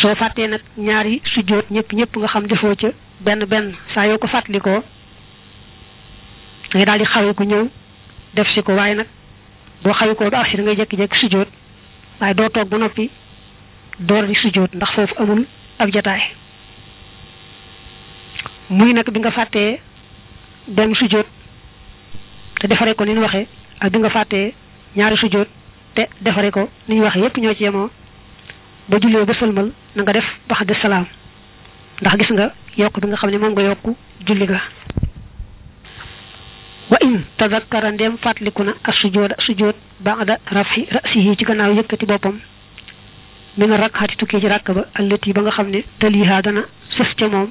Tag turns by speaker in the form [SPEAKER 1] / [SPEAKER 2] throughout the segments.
[SPEAKER 1] soo fàttee nag ñaari sujjóot ñëpp ñëpp nga xam defoo ca benn benn saa yoo ko fàttalikoo dangay daal di xawee ko ñëw def si ko waaye nag boo xawee ko ba agsi da ngay jékki-jékki sujjóot waaye doo toog ba noppi door di sujjóot ndax foofu amul ab jataay muy nag bi nga fàttee benn sujjóot te defaree ko ni ñu waxee ak bi nga fàttee ñaari sujjóot te defaree ko ni ñu waxee yépp ñoo ci yemoo ba jullee ba sëlmal na nga def baxda salaam ndax gis nga yokk bi nga xam ne moom nga yokk julli ga wa in tadakkara ndem fàttaliku na ak sujooda sujood ba'da rafi rasihi ci gannaaw yëkkati boppam min rakxati tukkee ci ràkk ba allati ba nga xam ne taliha dana sës ca moom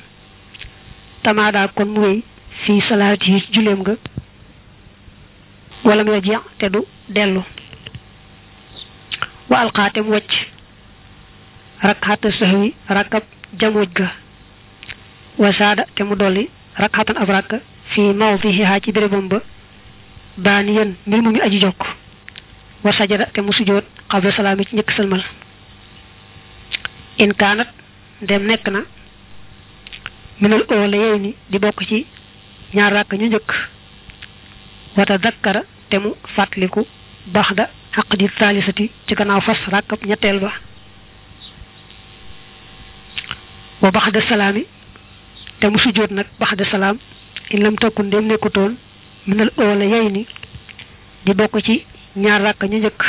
[SPEAKER 1] tamaadaa kon mu wéy fii salaati yi julleem nga wala mu jeex te du dellu wa alqaatem wacc rakkaata sahwi rakkab jamuj ga wasaada te mu dolli rakkaatan ab rakka fii mawdihiha ci bérébam ba daaniyan mbir mu mi aji jokk wa sajada te mu sujjóot xabla salaami ci njëkk sëlmal in dem nekk na minal óola yey ni di bokk ci ñaar rakk ñu njëkk wata dakkara te mu fàttaliku baxda xaq di taalisati ci gannaaw fas rakkab ñetteel ba wa baxda salaami te mu sujjóot nag baxda salaam in lam takku ndéem nekkutoon minal oola yay ni di bokk ci ñaar ràkk ñu njëkk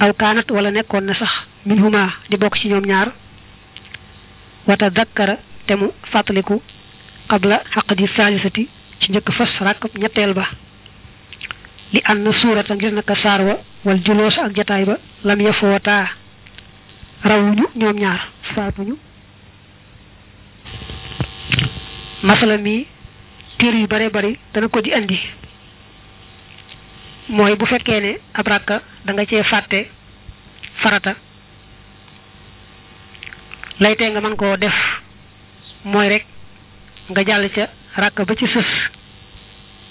[SPEAKER 1] aw kaanat wala nekkoon na sax min huma di bokk ci ñoom ñaar wata dakkara te mu fàttaliku xaq xaqdi saalisati ci njëkk fas ràkk ñetteel ba li ànd na suurata ngir naka saar wa wal juloosa ak jataay ba lam yafootaa rawuñu ñoom ñaar faatuñu masala mi téere yu bare bari dana ko di andi mooy bu fekkee ne ab raq danga cee fàtte farata lay nga mën koo def mooy rekk nga jàll ca ràkka ba ci sës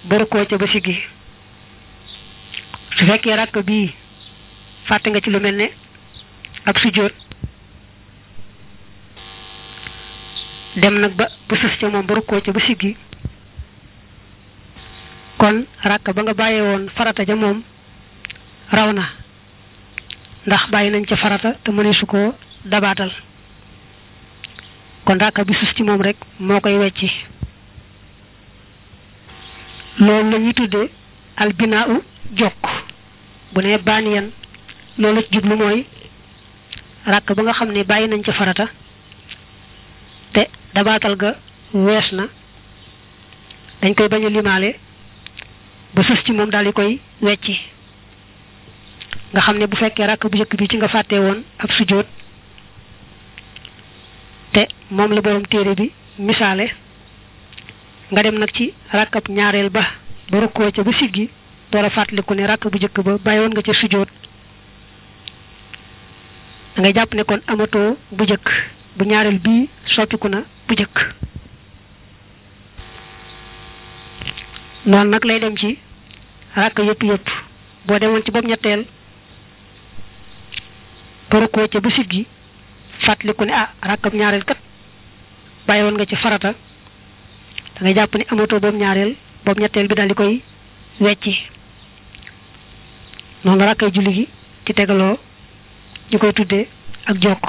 [SPEAKER 1] baru koo ca ba siggi su fekkee ràkka bii fàtte nga ci lu mel ne ab sujjóot dem nag ba bu sës ca moom ba rukkoo ca ba siggi kon ràkk ba nga bàyyee woon farata ja moom raw na ndax bàyyi nañ ca farata te mënee su ko dabaatal kon ràkk bi sus ci moom rek moo koy wecci loolu la ñuy tuddee albinaa u jokk bu ne baaniyan loolu la mooy ràkk ba nga xam ne bàyyi nañ ca farata dabaatal ga wees na dañ koy bañ a limaale ba sës ci moom daal di koy wecci nga xam ne bu fekkee rakk bu njëkk bi ci nga fàtte woon ab sujjóot te moom la borom téere bi misaale nga dem nag ci rakkab ñaareel ba ba rukkoo ca ba siggi door a fàttaliku ne rakk bu njëkk ba bàyyi woon nga ca sujjóot da ngay jàpp ne kon amatoo bu njëkk bu ñaareel bii soppiku na bu jëkk noonu nag lay dem ci rakk yëpp yëpp boo demoon ci boobu ñetteel barukoo ca bisit gi fàttaliku ne ah rakkab ñaareel kat bàyyi woon nga ci farata da jàpp ni amatoo boobu ñaareel boobu ñetteel bi daal di koy wecci noonu rakkay julli gi ci tegaloo ñu koy tuddee ak jokk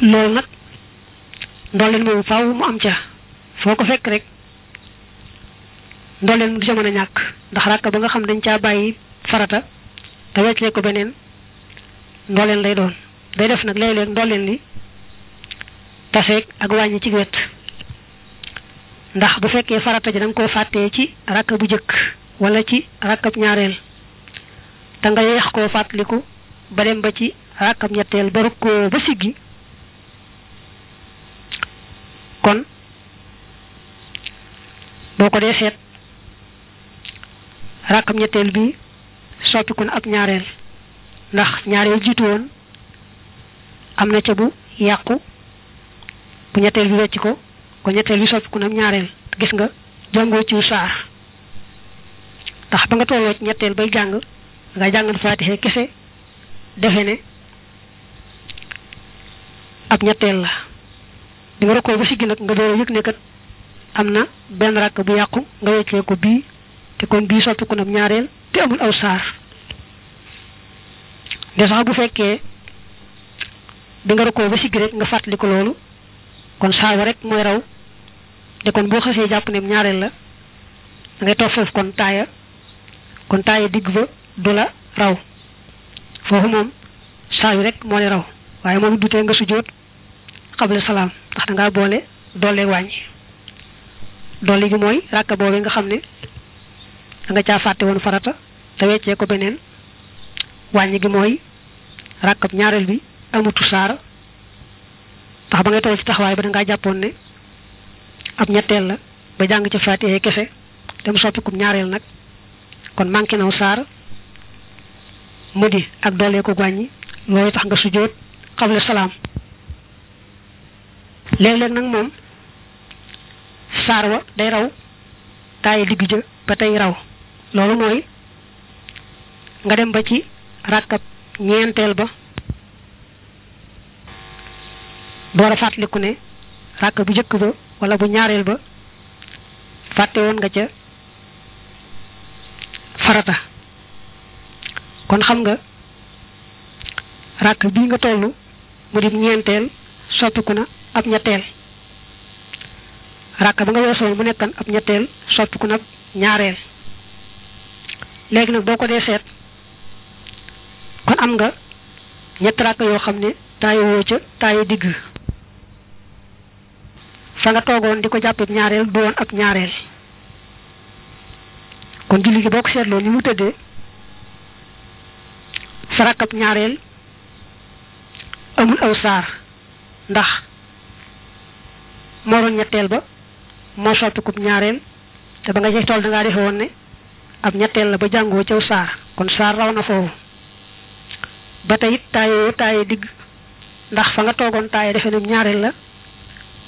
[SPEAKER 1] loolu nag ndolleen moom faw mu am ca foo ko fekk rek ndolleen du ca mën a ñàkk ndax ràkk ba nga xam dañ caa bàyyi farata te weccee ko beneen ndolleen lay doon day def nag léeg-léeg ndolleen li taseeg ak wàññi ci wet ndax bu fekkee farata ji da nga koo fàttee ci rakk bu jëkk walla ci rakkab ñaareel te nga yeex koo fàttaliku ba dem ba ci rakkab ñetteel ba rukkoo ba siggi kon boo ko dee seet rakkam ñetteel bi soppiku na ab ñaareel ndax ñaareel jiitu woon am na ca bu yàqu bu ñetteel bi wecc ko ko ñetteel bi soppiku na ab ñaareel gis nga jàngoo ci saar ndax ba nga tolloo ñetteel bay jàng nga jàngal faatixe kese defe ne ab ñetteel la nga rokkoo ba siggi nag nga door a yëg ne kat am na benn rakk bu yàqu nga weccee ko bii te kon bii soppi ko nag ñaareel te amul aw saar de sax bu fekkee bi nga rokkoo ba siggi rek nga fàttali ko loolu kon saar rek mooy raw te kon boo xasee jàpp ne ñaareel la da ngay toog foofu kon taaya kon taaya digg ba du la raw foofu moom saa rek moo lay raw waaye moom du te nga sujjóot xabla salaam tax dangaa boole doole wàññi doole gi mooy ràkka boobu nga xam ne danga nga caa fàtte woon farata te weccee ko beneen wàññi gi mooy ràkkab ñaareel bi amutu saar ndax ba ngay toll ci taxawaay ba da ngaa jàppoon ne ab ñetteel la ba jàng ci faatiyee kese dem soppikum ñaareel nag kon manqué naw saar mu di ak doole ko wàññi loolu tax nga sujjóot xabla salaam léeg-léeg nag moom saar wa day raw taaye digg jë ba tey raw loolu mooy nga dem ba ci ràkkab ñeenteel ba door a fàttaliku ne ràkk bu jëkk ba walla bu ñaareel ba fàtte nga ca farata kon xam nga ràkk bii nga toll mu di ñeenteel soppiku na ab ñetteel rakk ba nga weesoon mu nekkan ab ñetteel soppiku nag ñaareel léegi nag boo ko dee seet kon am nga ñetti rakk yoo xam ne taayu woo ca taayu digg fa nga toogoon di ko jàppee ñaareel du woon ab ñaareel kon julli gi boo ko seetloo ni mu tëddee sa rakkab ñaareel amul aw saar ndax moo doon ñetteel ba moo soppikub ñaareel te ba nga ci tool da ngaa defe woon ne ab ñetteel la ba jàngoo caw saar kon saar raw na foofu ba tey it taayoo taaye digg ndax fa nga toogoon taaye defe ne ñaareel la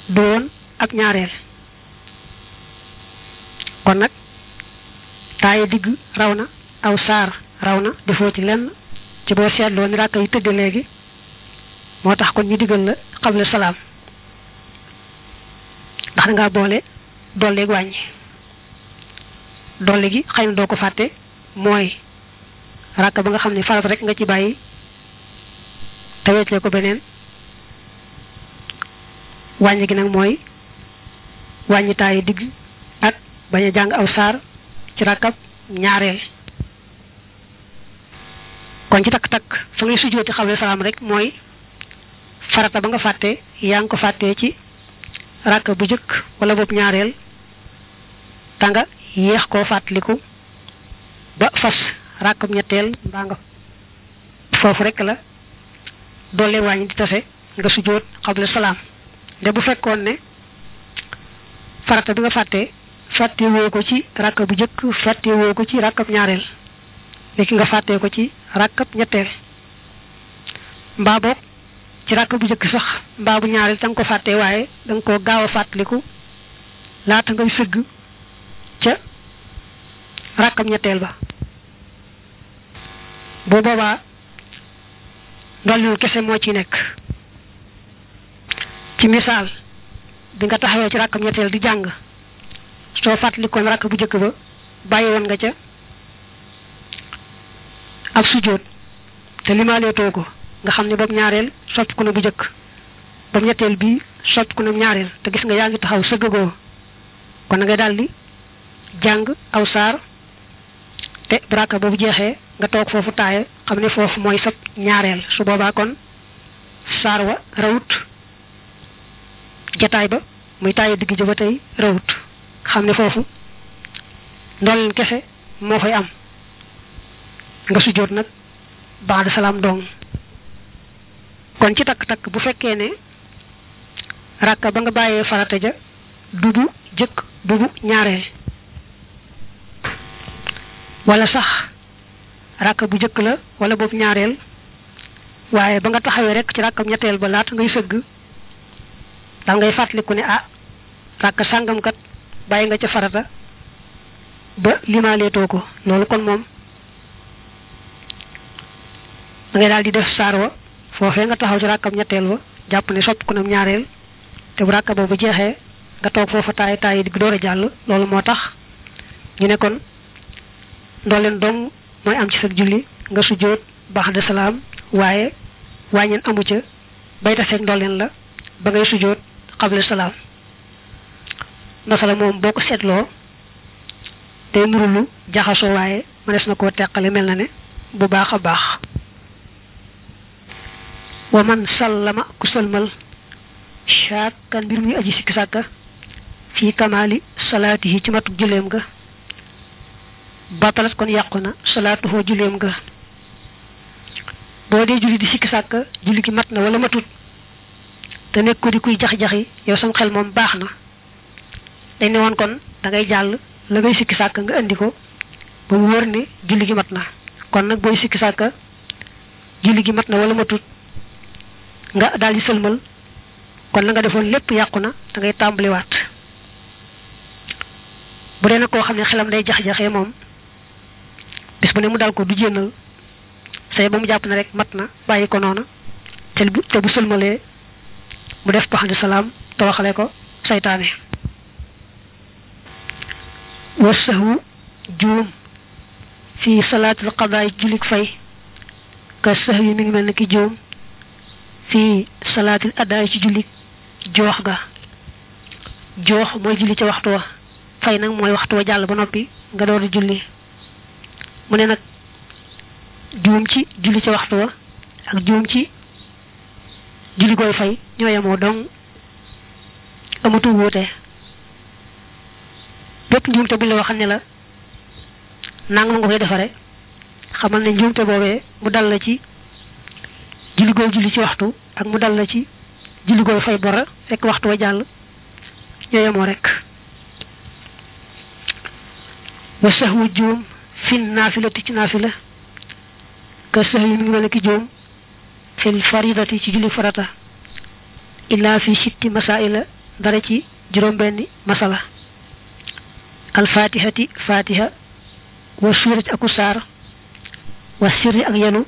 [SPEAKER 1] du woon ak ñaareel kon nag taaye digg raw na aw saar raw na defoo ci lenn ci boo seetloo ni ràkka yi tëdd léegi moo tax kon ñu digga la xable salaam ndax danga boole dolleeg wàññi dolle gi xëy na doo ko fàtte mooy rakk ba nga xam ne farat rek nga ci bàyyi te weetlee ko beneen wàññi gi nag mooy wàññi taayu digg ak bañ a jàng aw saar ci rakkab ñaareel kon ci takk-takk fa ngay sujjóoti xawle salaam rek mooy farata ba nga fàtte yaa ngi ko fàttee ci ràkka bu jëkk wala bopp ñaareel ta yeex yéex koo fàttaliku ba fas ràkkab ñetteel mbaa nga foofu rek la doole wàññi di tase nga sujjóot xable salaam de bu fekkoon ne farata bi nga fàttee fàtte woo ko ci ràkka bu jëkk fàtte woo ko ci ràkkab ñaareel léegi nga fàttee ko ci ràkkab ñetteel mbaa boog ci rakk bu njëkk sax mbaa bu ñaareel da nga ko fàtte waaye da nga koo gaaw a fàttaliku laata ngay sëgg ca rakkam ñetteel ba bu boobaa ndollilu kese moo ci nekk ci misaal bi nga taxawee ci rakkam ñetteel di jàng soo fàttalikoon rakk bu njëkk ba bàyyi woon nga ca ab sujjóot te limaalee too ko nga xam ne boobu ñaareel soppi ko na bu njëkk boobu ñetteel bi soppi ko na ñaareel te gis nga yaa ngi taxaw sëggagoo kon na ngay daal di jàng aw saar te baraka boobu jeexee nga toog foofu taaye xam ne foofu mooy sab ñaareel su boobaa kon saar wa rawut jataay ba muy taaye digg jë ba tey rawut xam ne foofu ndolleen kese moo fay am nga sujjóot nag baada salaam dong kon ci takk-takk bu fekkee ne rakka ba nga bàyyee farata ja du bu jëkk du bu ñaareel wala sax rakka bu jëkk la wala boobu ñaareel waaye ba nga taxawee rekk ci rakkam ñetteel ba laata ngay sëgg da ngay fàttaliku ne ah rakka sàngam bàyyi nga ca farata ba limaaleetoo ko loolu kon moom da ngay daal di def saar wa foofee nga taxaw ci rakkab ñetteel ba jàpp ne sopp ku nam ñaareel te bu rakka boobu jeexee nga toog foofa taay taay di door a jàll loolu moo tax ñu ne kon leen dong mooy am ci sa julli nga sujjóot baax de salaam waaye wàññeen amu ca bay taseeg leen la ba ngay sujjóot xable salaam masala moom boo ko seetloo day nuru lu jaxasoo waaye mënees na koo teqale mel na ne bu baax a baax wa man sallama ku sëlmal shakkan mbir muy aji sikki sàkka fii kamaali salaatihi ci matuk julleem ga batalat kon yàqu na salaatuhoo julleem ga boo dee julli di sikki sàkka julli gi mat na wala matut te nekk kuy jax baax na dañ ne kon da jàll la ngay sikki sàkka nga indi ko ba mu wóor julli gi mat na kon nag booy sikki sàkka julli gi mat na wala matut nga daal di sëlmal kon la nga defoon lépp yàqu na da ngay tàmbaliwaat bu dee nag koo xam ne xelam day jax-jaxee moom bis bu ne mu dal ko du jénnal say ba mu jàpp ne rek mat na bàyyi ko noona te bu sëlmalee mu def baxandi salaam te waxale ko saytaane wasahu juum salaat salaatul qadaay julik fay ka sax yi mi ngi mel ne ki juum fii salaatil addaay ci julli jox ga joox mooy julli ca waxtu wa fay nag mooy waxtu wa jàll ba noppi nga door di julli mu ne nag juum ci julli ca waxtu wa ak juum ci julli koy fay ñoo yemoo dong amatu wuute bépp njuumte bu la waxal ne la nangam nga koy defare xamal ne njuumte boobee mu dal la ci julli goo julli ci waxtu ak mu dal la ci julli goo fay bora fekk waxtu wa jàll ñoo yemoo rek wa sahwu juum fin naafilati ci naafila ka sahwi mi ngi mel ki juum fil faridati ci julli farata illa fi sitti masaila dara ci juróom-benni masala alfatihati fatiha wa suurati aku saar wa sirri ak yenu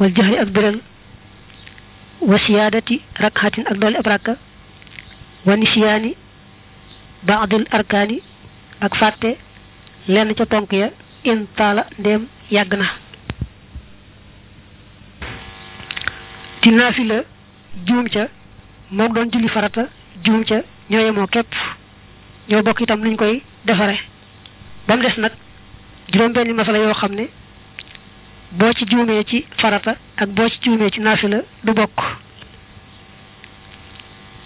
[SPEAKER 1] wal jahri ak biral wa siyaadati rakhatin ak doole ab rakka wa nisyaani baadul arkaani ak fàtte lenn ca tonk ya in taala yàgg na ci naafila juum ca moom doon julli farata juum ca ñoo yemoo ñoo bokk itam luñ koy defare ba des nag juróom benni masala yoo xam ne boo ci juumee ci farata ak boo ci juumee ci naafila du bokk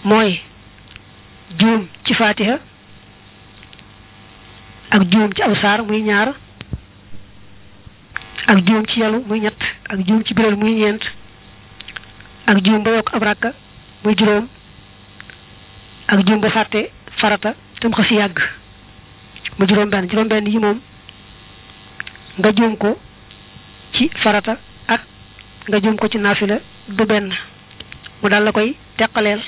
[SPEAKER 1] mooy juum ci faatiha ak juum ci aw saar muy ñaar ak juum ci yalu muy ñett ak juum ci biral muy ñeent ak juum ba yokk juróom ak juum ba fàtte farata tam xasi yàgg mu juróom benn juróom benn yi moom nga juum ko ci farata ak nga jum ko ci naafila du benn mu daal la koy teqaleel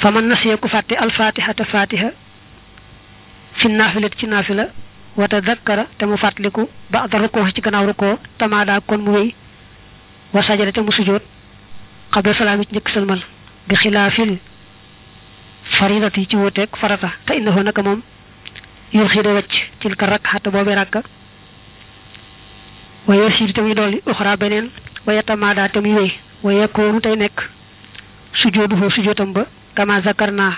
[SPEAKER 1] fa man nasiya ku fàtte alfatihata fatiha fi naafilat ci naafila wa tadakkara te mu fàttaliku ba'da rukkoo ci gannaaw rukkoo tamaadaa kon mu wéy wa sajada te mu sujjóot xabla salaam yi ci njëkk sëlmal bi xilaafil faridati ci wuuteeg farata te innahu naka moom yul xiida wacc ci ka rakk xatta boobee wa yarsidu tamuy dolli uxra beneen wa yatamaada tamuy wéy wa yakoonu tey nekk sujooduhu sujootam ba kama zakarna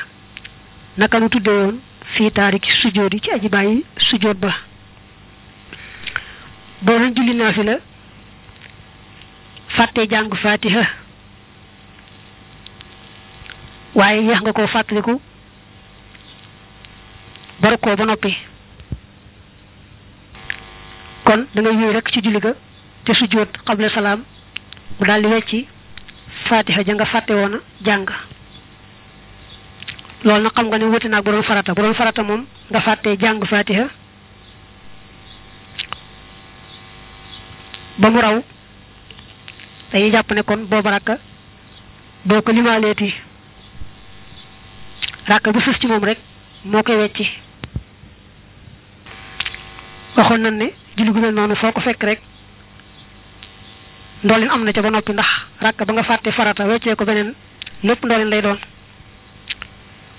[SPEAKER 1] naka lu tudde woon fii taariki sujoodi ci aji bàyyi ba boo doon julli la fàtte jàng fatiha waaye yeex nga koo fàttaliku baru koo ba noppi kon da ngay yooyu rek ci julli ga te sujjóot xable salaam mu daal di wecci fatiha ja nga fàtte woon jàng loolu nag xam nga ne wuti naag bu doon farata bu doon farata moom nga fàtte jàng fatiha ba mu raw dañuy jàpp ne kon booba rakka boo ko limaaleeti rakka bu sës ci moom rek moo koy wecci waxoon nañ ne julli gu mel noonu foo ko fekk rek ndoolin am na ca ba noppi ndax rakk ba nga fàtte farata weccee ko beneen lépp ndoolin lay doon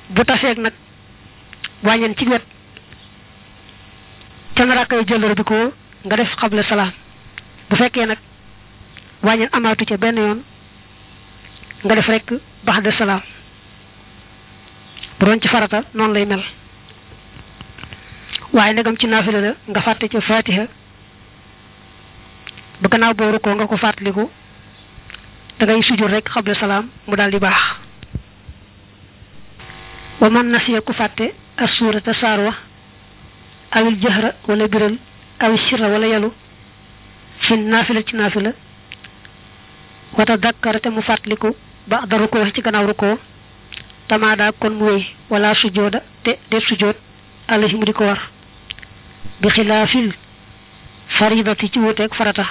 [SPEAKER 1] bu taseeg nag wàññeen ci wet ca na rakk yo jëllër bi ko nga def xable salaam bu fekkee nag wàññeen amaatu ca benn yoon nga def rek baxde salaam bu doon ci farata noonu lay mel waaye ndegam ci naafila la nga fàtte ca fatiha ba gannaaw boo rukkoo nga ko fàttaliku da ngay sujur rek xabla salaam mu daal di baax wa man nasiya ku fàtte as suurata saar wa awil jahra wala biral awi sirra wala yalu fi naafila ci naafila wata dakkara te mu fàttaliku ba da rukkoo ci gannaaw rukkoo tamaada kon mu wéy wala sujooda te def sujood alahi mu di ko war bi xilaafil faridati ci wuteeg farata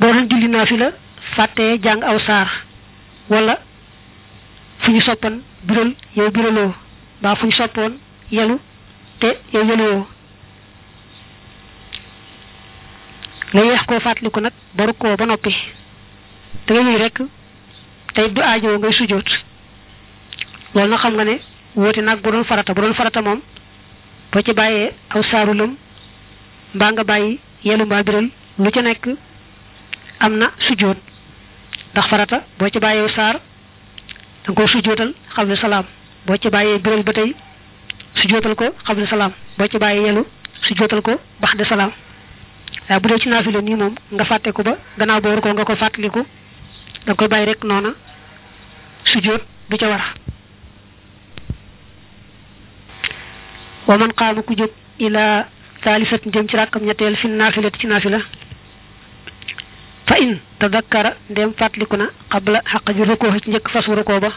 [SPEAKER 1] boo doon julli naafila fàtte jàng aw saar wala fu ñu soppan biral yow biraloo mbaa fu ñu soppoon yelu te yow yeluwoo nga yeex koo fàttaliku nag baru koo ba noppi da nga ñuy rekk tey du aajowoo ngay sujjóot loolu nag xam nga ne wóote nag bu doon farata bu doon farata moom boo ci bàyyee aw saaru lëm mbaa nga bàyyi yelu mbaa biral lu ci nekk am na sujjóot ndax farata boo ci bàyyee saar da nga koy sujjóotal xam ne salaam boo ci bàyyee biral ba tey sujjóotal ko xam ne salaam boo ci bàyyee yelu sujjóotal ko bax de salaam waaye bu dee ci naafila nii moom nga fàtte ko ba gannaaw boo war ko nga ko fàttaliku da nga koy bàyyi rek noona sujjóot bi ca war wa man qaama ku jóg ila taalifat jëm ci rakkam ñetteel fi naafilati ci naafila fa in tadakkara ndem fàttaliku na xabla xaq ji rukoo ci njëkk fasu rukoo ba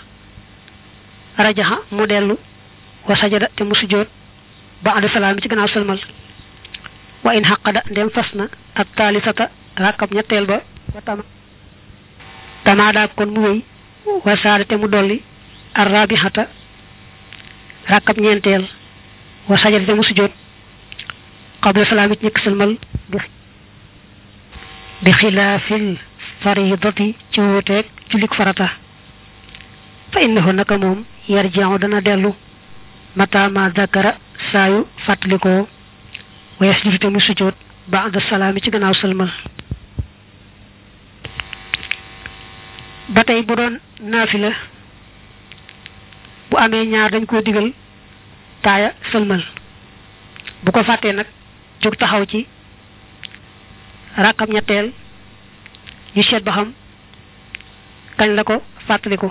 [SPEAKER 1] rajaxa mu dellu wa sajada te mu sujjóot ba ànd salaam ci gannaaw sëlmal wa in xaqada ndem fas na ak taalisata rakkam ñetteel ba wa tama tamaada mu wéy wa saada te mu dolli arrabihata rakkam ñeenteel wa sajada te mu sujjóot qabla salaami ci njëkk sëlmal bi xilaafil faridati ci wuuteeg jullik farata fa innahu naka moom yarji'u dana dellu mata ma dakara saayu fàttalikoo wa yasjudu te mu sujjóot ba'da salaami ci gannaaw sëlmal ba tey bu doon naafila bu amee ñaar dañ koo digal taaya sëlmal bu ko fàttee nag jóg taxaw ci rakkam ñetteel ñu seet ba xam kañ la ko fàttaliku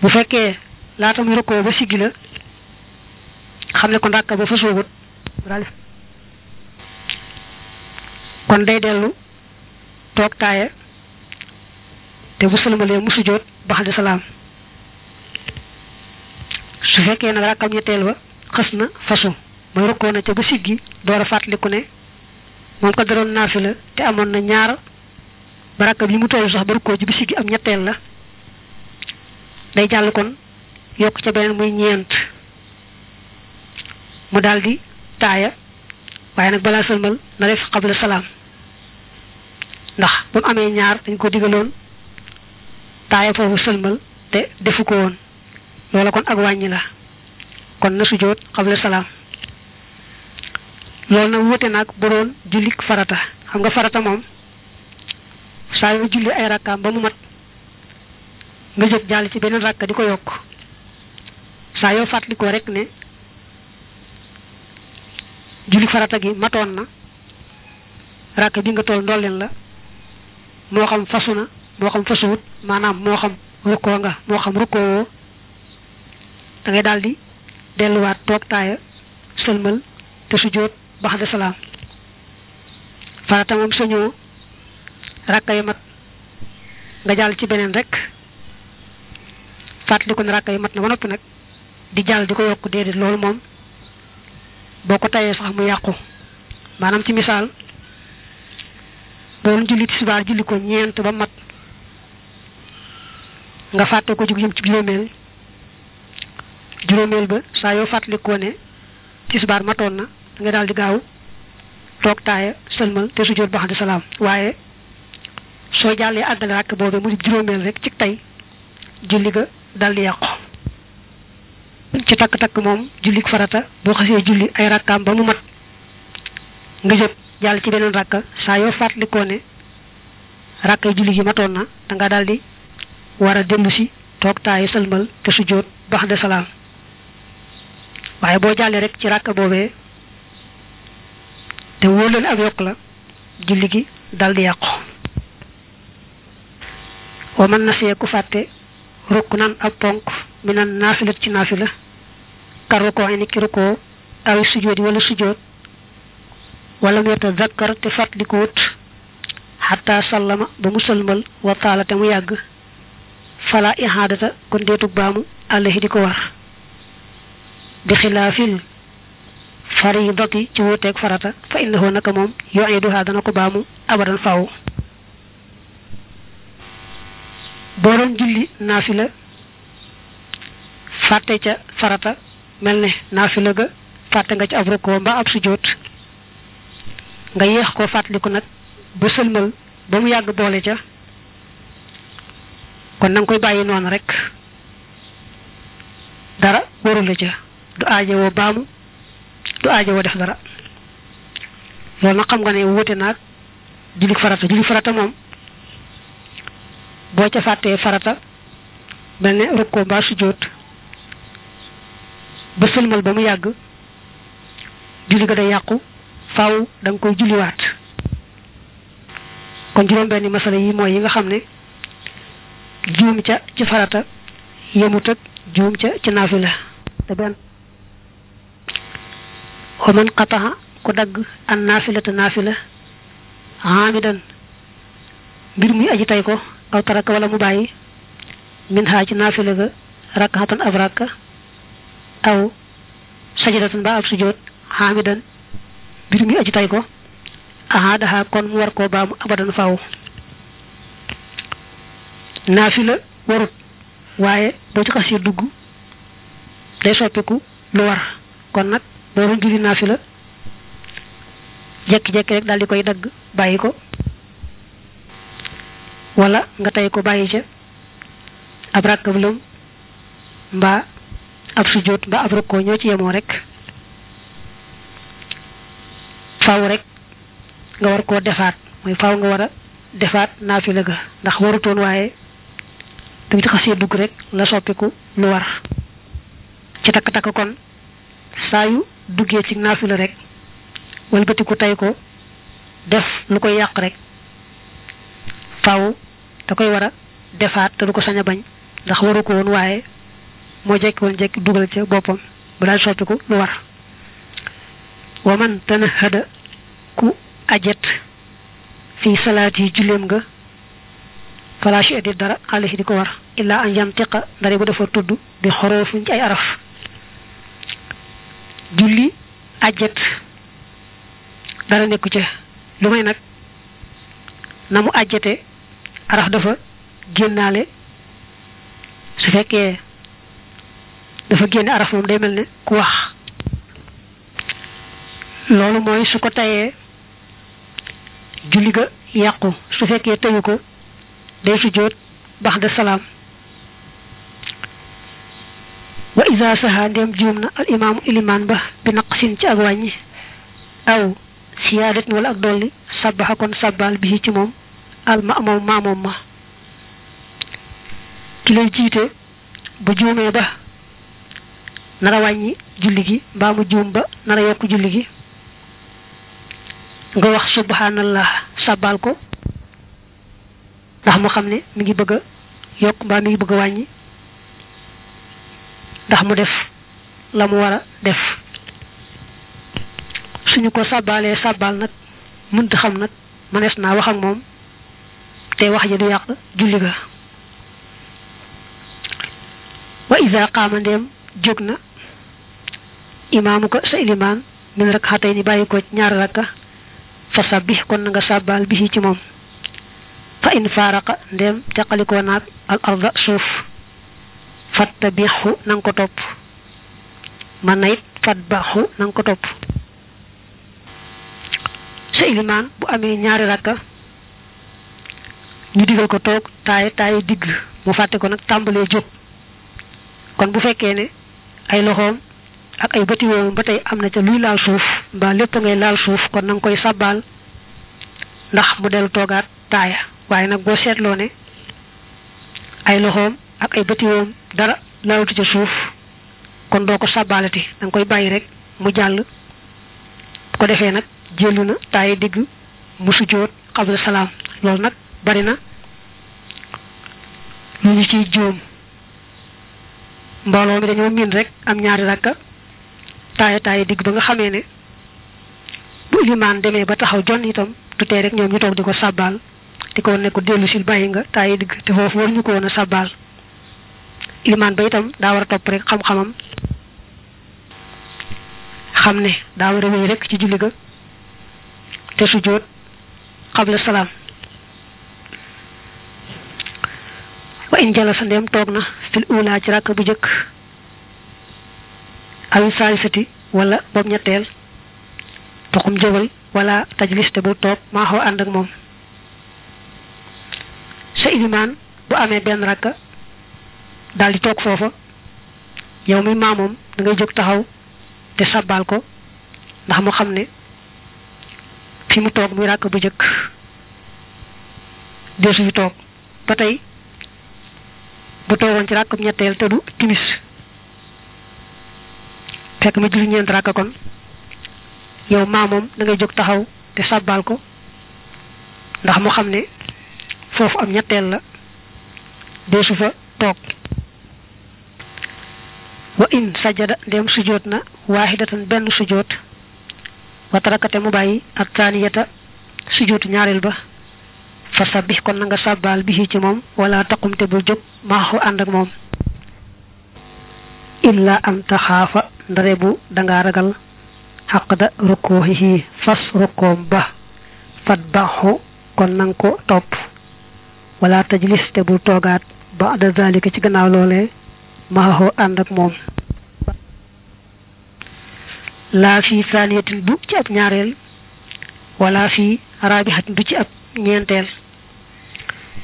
[SPEAKER 1] bu fekkee laata muy rëkkoo ba siggi la xam ne kon ràkka ba fa soogut kon day dellu toog taaya te bu sëlmalee mu sujjóot ba xam salaam bu fekkee nag rakkam ñetteel ba xës na fasu mooy rukkoo na ca ba siggi door a fàttaliku ne moom ko deroon naafi la te amoon na ñaar ba rakkam yi mu tollu sax ba rukkoo ci ba siggi am ñetteel la day jàll kon yokk ca beneen muy ñeent mu daldi taaya waaye nag balaa sëlmal na def xabla salaam ndax ba mu amee ñaar dañ ko digaloon taaya foofu sëlmal te defu ko woon loola kon ak wàññi la kon na sujjóot xabla salaam loolu nag wute nag bu doon jullik farata xam nga farata moom saa yoo julli ay rakkaam ba mu mat nga jóg jàll ci beneen rakka di ko yokk saa yoo fàttalikoo rek ne jullik farata gi matoon na rakka bi nga toll ndolleen la moo xam fasu na moo xam fasuwut maanaam moo xam rukkoo nga moo xam rukkoo woo da ngay daal di delluwaat toog taaya sëlmal te sujjóot baxda salaam farata moom sañoo rakka yu mat nga jàll ci beneen rek ko ne rakka yu mat na ba noppi nag di jàll di ko yokk déedéet loolu moom boo ko tayee sax mu yàqu maanaam ci misaal doon julli tisbaar julli ko ñeent ba mat nga fàtte ko jug jëm ci juróomeel juróomeel ba saa yoo fàttalikoo tisbaar matoon na da nga daal di gaaw toog taaya sëlmal te sujjóot ba salaam waaye soo jàllee àggale ràkk boobe mu juróomeel rek ci tey julli ga dal di yàqu ci takk-takk moom julli farata boo xasee julli ay rakkaam ba mu mat nga jóg jàll ci beneen rakk saa yoo fàttalikoo ne julli gi matoon na danga daldi daal di war a dellu si toog taaya sëlmal te sujjóot ba salaam waaye boo jàllee rek ci ràkk boobe te wóoloon ak yokk la julli gi daldi yàqu wa man nasiya ku fàtte rukk nan ab ponk mi nan naafilat ci naafila kar rukkoo ay ni ki rukkoo aw sujjóot wala sujjóot wala mu yeta zakkar te fàttaliku wut xataa sallama ba mu sëlmal wa taala te mu yàgg fala ihaadata kon deetug baamu àllahi di ko war bi xilaafil faridati ci wuuteeg farata fa innahu naka moom yu'iduha dana ko baamu abadan faaw. boo doon julli naafila fàtte ca farata mel ne naafila ga fàtte nga ci ab rukkoo mbaa ab sujjóot nga yéex ko fàttaliku nag ba sëlmal ba mu yàgg boole ca kon na koy bàyyi noonu rek dara wóorul la ca. du aajowoo baamu du wo def dara loolu nag xam nga ne wute naag jullit farata jullit farata moom boo ca fàttee farata mel ne rukkoo mbaa sujjóot ba sëlmal ba mu yàgg julli ga day yàqu faw da nga koy julliwaat kon juróom-benni masala mooy yi nga xam ne juum ca ci farata yemut ak juum ca ci naafila te xoman xataxa ku dagg an naafilata naafila amidan mbir muy tey ko aw taraka wala mu bàyyi min xaa ci naafila ga rakkaatan ab rakka aw sajadatan ba ab sujoot amidan mbir muy aji tey ko aadaha kon mu war koo baamu abadan faw naafila warut waaye boo ci xasee dugg day soppiku lu war kon nag dooruñ julli naafila jekki-jekki rek daal di koy dagg bàyyi ko wala nga tey ko bàyyi ca ab ràkkab lëm mbaa ab sujjóot mbaa ab rukkoo ñoo ci yemoo rek faw rek nga war koo defaat mooy faw nga war a defaat naafila ga ndax warutoon waaye tamit xasee dugg rek la soppiku lu war ci takk-takk kon saa duggee ci naafila rek walbatiku tay ko def lu koy yàq rek faw da koy war defaat te du ko sañ bañ ndax waru ko waaye moo jekki woon jekki dugal ca boppam bu daal soppiku lu war wa man tanahada ku ajet fii salaati yi julleem nga falaasi di dara xaalis di ko war illaa an yamtiqa ndare bu dafa tudd bi fuñ ci ay araf julli ajjat dara nekku ca lu may nag na mu ajjate arax dafa génnaale su fekkee dafa génne araf moom day mel ne ku wax loolu mooy su ko tayee julli ga yàqu su fekkee tayu ko day sujjóot bax da salaam isa saha juum na al imaamu ilimaan ba bi naqsin ci ak wàññi aw siyaadatin wala ak dolli sabaxa kon sabal bi ci moom al ma moom maa moom ma ki lay jiite bu juumee ba nara wàññi julli gi mbaa mu juum ba nara yokk julli gi nga wax subhanallah sabal ko ndax mu xam ne mi ngi bëgg a yokk mbaa mi ngi bëgg wàññi ndax mu def la mu war a def suñu ko sàbbaalee sàbbaal nag mënta xam nag mënees naa wax ak moom te wax ji du yàq julli ga wa isa qaama ndeem jóg na imaamu ko sa ilimaan min rek xatay ni bàyyi ko ñaar rakka fa sabbih kon na nga sàbbaal bi ci moom fa in faaraqa ndeem teqalikoo naag al arda suuf fatta bixu na nga ko topp man na it fat baxu na nga ko topp sa ilimaan bu amee ñaari rakka ñu digal ko toog taaye taaye digg mu fàtte ko nag tàmbalee jóg kon bu fekkee ne ay loxoom ak ay bëti woomam ba tey am na ca luy laal suuf mbaa lépp ngay laal suuf kon na koy sàbbaal ndax mu dellu toogaat taaya waaye nag boo seetloo ne ay loxoom ak ay bëtiwoom dara laalatu ca suuf kon doo ko sàbbaalati da koy bàyyi rek mu jàll ko defee nag jëllu na taayi digg mu sujjóot xabla salaam loolu nag bari na lu ñu ciy jóom mbooloo mi dañoo miin rek am ñaari rakka taaya taaya digg ba nga xamee ne bu limaan demee ba taxaw jon itam du tee rek ñoom ñu toog di ko sàbbaal di ko ne dellu si bàyyi nga taaya digg te foofu war ñu ko woon a ilimaan ba itam daa war a topp rek xam-xamam xam ne daa war a wéy rek ci julli ga te sujjóot xabla salaam wa in jala sa ndeem toog na fil ula ci ràkk bu jëkk awin saalisati wala boobu ñetteel toxum jëwal wala tajlis te bu toog maa xaw ànd ak moom sa ilimaan bu amee benn ràkk daal di toog foofa yow mi maamoom da ngay taxaw te sàbbaal ko ndax mu xam ne fi mu toog muy rakk bu jëkk deesu fi toog ba tey bu toogoon ci ràkkub ñetteel te du timis fekk ma julli ñeent ràkk kon yow maamoom da ngay taxaw te sàbbaal ko ndax mu xam ne foofu am ñetteel la deesu fa toog wa in sajada ndem sujoot na waahidatan benn sujoot wa mu bàyyi ak taaniyata sujootu ñaareel ba fa sabbih kon na nga sàbbaal bi ci moom wala taqumte bul jóg maaxu ànd ak moom illa an taxaafa ndare bu danga ragal xaq da rukkoohi fas rukkoom ba fat baaxu kon nanga ko topp wala tajlis te bul toogaat ba da zalika ci gannaaw loolee maxaxoo ànd ak moom laa fi saaniyatin du ci ab ñaareel wala fi raabihatin du ci ab ñeenteel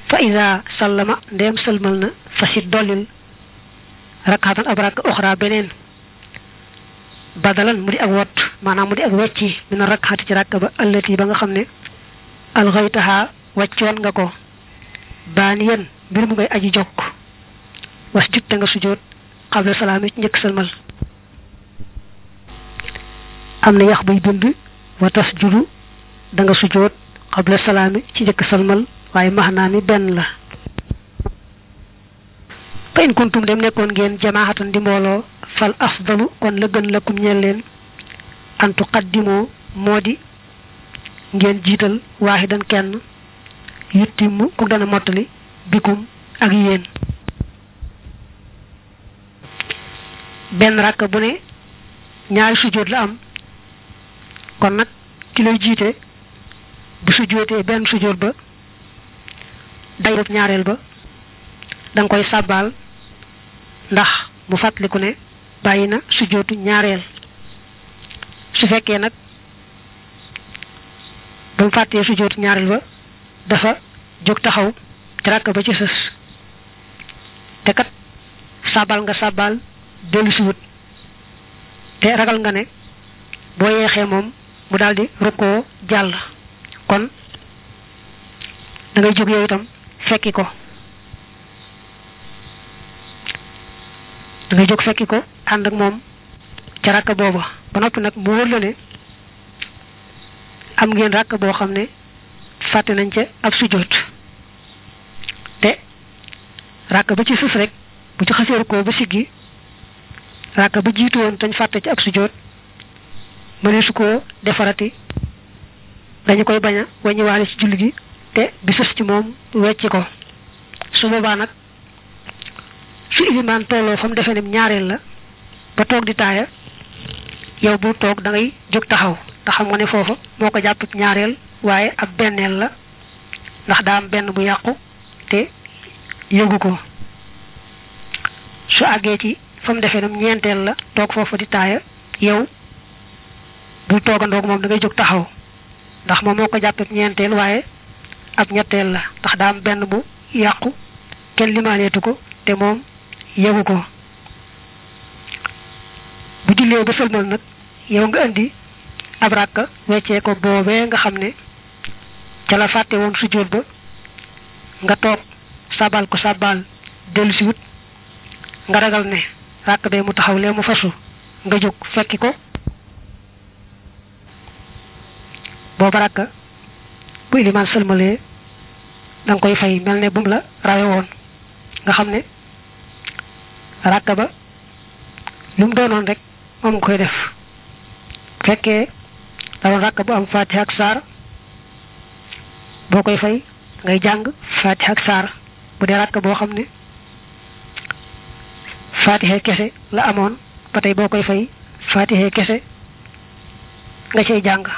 [SPEAKER 1] fa ida sallama ndeem salmal na fasit dollil rakkaatan ab rakk uxra beneen badalan mu di ak wot maanaam mu di ak wecci mina rakkaati ci rakk ba ëllëti ba nga xam ne alxaytaha waccoon nga ko baaniyan mbir mu ngay aji jokk wasjud te nga sujjóot xabla salaami ci njëkk salmal am na yax buy bind wa tasjudu da nga sujjóot xabla salaami ci njëkk salmal waaye naa mi benn la fa in kuntum dem nekkoon ngeen jamaahatan di mbooloo fal afdalu kon la gën lakum ñeel leen an tuqaddimoo moo di ngeen jiital waaxidan kenn yuttimu ku dana mottali bikum ak yéen benn rakk bu ne ñaari sujjóot la am kon nag kiloy jiite bu sujjóotee benn sujjóot ba dayub ñaareel ba da koy sàbbaal ndax mu fàttaliku ne bàyyi na sujjóotu ñaareel su fekkee nag ba mu fàttee sujjóotu ñaareel ba dafa jóg taxaw ci rakk ba ci sës te kat sàbbaal nga sàbbaal dellu si wut te ragal nga ne boo yeexee moom mu daal di rukkoo jàll kon da ngay jóg yow itam fekki ko dangay ngay jóg fekki ko ànd ak moom ca rakk booba ba noppi nag mu wóor ne am ngeen rakk boo xam ne fàtte nañ ca ab sujjóot te rakk ba ci suuf rek bu ci xasee rukkoo ba siggi raaka ba jiitu woon tañ fàtte ci ab sujjóot mëne su ko defarati dañu koy bañ a waññiwaale ci julli gi te bi ci moom wecci ko su boobaa nag su ilimaan tolloo fa mu defee ne ñaareel la ba toog di taaya yow bu toog dangay ngay jóg taxaw te xam nga ne foofa moo ko jàpp ñaareel waaye ab benneel la ndax daan benn bu yàqu te yëgu ko su àggee ci fa mu defee nam ñeenteel la toog foofu di taaya yow bul toogandoog moom dangay jóg taxaw ndax moom moo ko jàppee ñeenteel waaye ab ñetteel la ndax daa am benn bu yàqu kenn limaaneetu ko te moom yegu ko bu jullee ba sëlmal nag yow nga indi ab ràkka weccee ko boobee nga xam ne ca la fàtte woon sujjóot ba nga toog sabal ko sabal dellusiwut nga ragal ne ràkk bee mu taxaw lee mu fasu nga jóg fekki ko booba ràkk bu ilimaan sëlmalee da koy fay mel ne bu mu la rawe woon nga xam ne ràkk ba lu mu doonoon rek moom nga koy def fekkee da doon ràkk bu am fatiha ak saar boo koy fay ngay jàng fatiha ak saar bu dee ràkk boo xam ne fatiha kese la amoon ba tey boo koy fay fatiha kese nga cay jàng